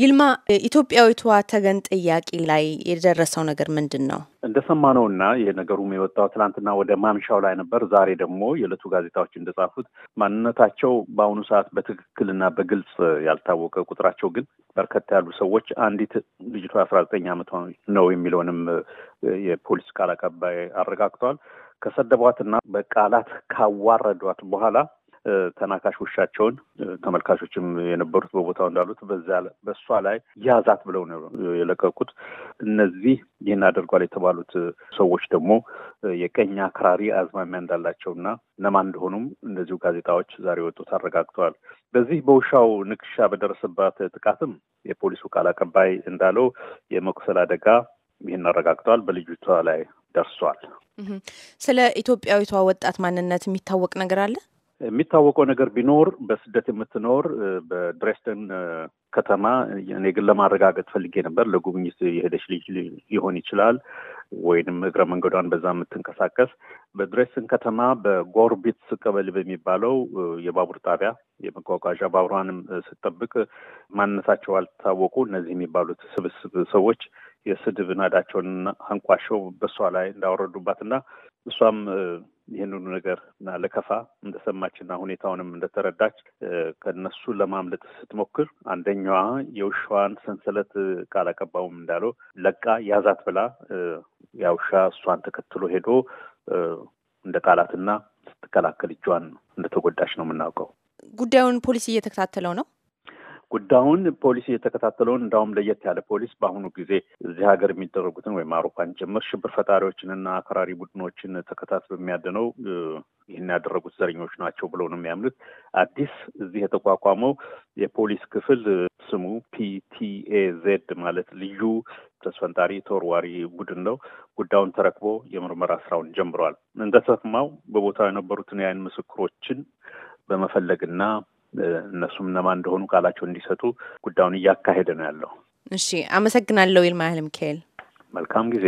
ይልማ፣ ኢትዮጵያዊቷ ተገን ጥያቄ ላይ የደረሰው ነገር ምንድን ነው? እና የነገሩም የወጣው ትናንትና ወደ ማምሻው ላይ ነበር። ዛሬ ደግሞ የዕለቱ ጋዜጣዎች እንደጻፉት ማንነታቸው በአሁኑ ሰዓት በትክክልና በግልጽ ያልታወቀ ቁጥራቸው ግን በርከታ ያሉ ሰዎች አንዲት ልጅቷ አስራ ዘጠኝ ዓመቷ ነው የሚለውንም የፖሊስ ቃል አቀባይ አረጋግጧል። ከሰደቧትና በቃላት ካዋረዷት በኋላ ተናካሽ ውሻቸውን ተመልካቾችም የነበሩት በቦታው እንዳሉት በዛ በእሷ ላይ ያዛት ብለው ነው የለቀቁት። እነዚህ ይህን አድርጓል የተባሉት ሰዎች ደግሞ የቀኝ አክራሪ አዝማሚያ እንዳላቸውና እነማን እንደሆኑም እንደዚሁ ጋዜጣዎች ዛሬ ወጡት አረጋግጠዋል። በዚህ በውሻው ንክሻ በደረሰባት ጥቃትም የፖሊሱ ቃል አቀባይ እንዳለው የመቁሰል አደጋ ይህን አረጋግጠዋል በልጅቷ ላይ ደርሷል። ስለ ኢትዮጵያዊቷ ወጣት ማንነት የሚታወቅ ነገር አለ? የሚታወቀው ነገር ቢኖር በስደት የምትኖር በድሬስደን ከተማ እኔ ግን ለማረጋገጥ ፈልጌ ነበር። ለጉብኝት የሄደች ልጅ ሊሆን ይችላል ወይንም እግረ መንገዷን በዛ የምትንቀሳቀስ በድሬስን ከተማ በጎርቢትስ ቀበሌ በሚባለው የባቡር ጣቢያ የመጓጓዣ ባቡሯንም ስጠብቅ ማንነታቸው አልታወቁ እነዚህ የሚባሉት ስብስብ ሰዎች የስድብ ናዳቸውን አንቋሸው በእሷ ላይ እንዳወረዱባትና እሷም ይህን ሁሉ ነገር እና ለከፋ እንደሰማችና ሁኔታውንም እንደተረዳች ከነሱ ለማምለጥ ስትሞክር አንደኛዋ የውሻዋን ሰንሰለት ቃል አቀባውም እንዳለው ለቃ ያዛት ብላ ያውሻ እሷን ተከትሎ ሄዶ እንደ ቃላትና ስትከላከል እጇን እንደተጎዳች ነው የምናውቀው። ጉዳዩን ፖሊስ እየተከታተለው ነው። ጉዳዩን ፖሊስ እየተከታተለውን እንዳውም ለየት ያለ ፖሊስ በአሁኑ ጊዜ እዚህ ሀገር የሚደረጉትን ወይም አውሮፓን ጭምር ሽብር ፈጣሪዎችን እና አክራሪ ቡድኖችን ተከታትሎ የሚያድነው ይህን ያደረጉት ዘረኞች ናቸው ብለው ነው የሚያምኑት። አዲስ እዚህ የተቋቋመው የፖሊስ ክፍል ስሙ ፒቲኤዜድ ማለት ልዩ ተስፈንጣሪ ተወርዋሪ ቡድን ነው። ጉዳዩን ተረክቦ የምርመራ ስራውን ጀምረዋል። እንደተሰማው በቦታው የነበሩትን የአይን ምስክሮችን በመፈለግና እነሱም እነማን እንደሆኑ ቃላቸው እንዲሰጡ ጉዳዩን እያካሄደ ነው ያለው። እሺ፣ አመሰግናለሁ ይልማ ኃይለ ሚካኤል። መልካም ጊዜ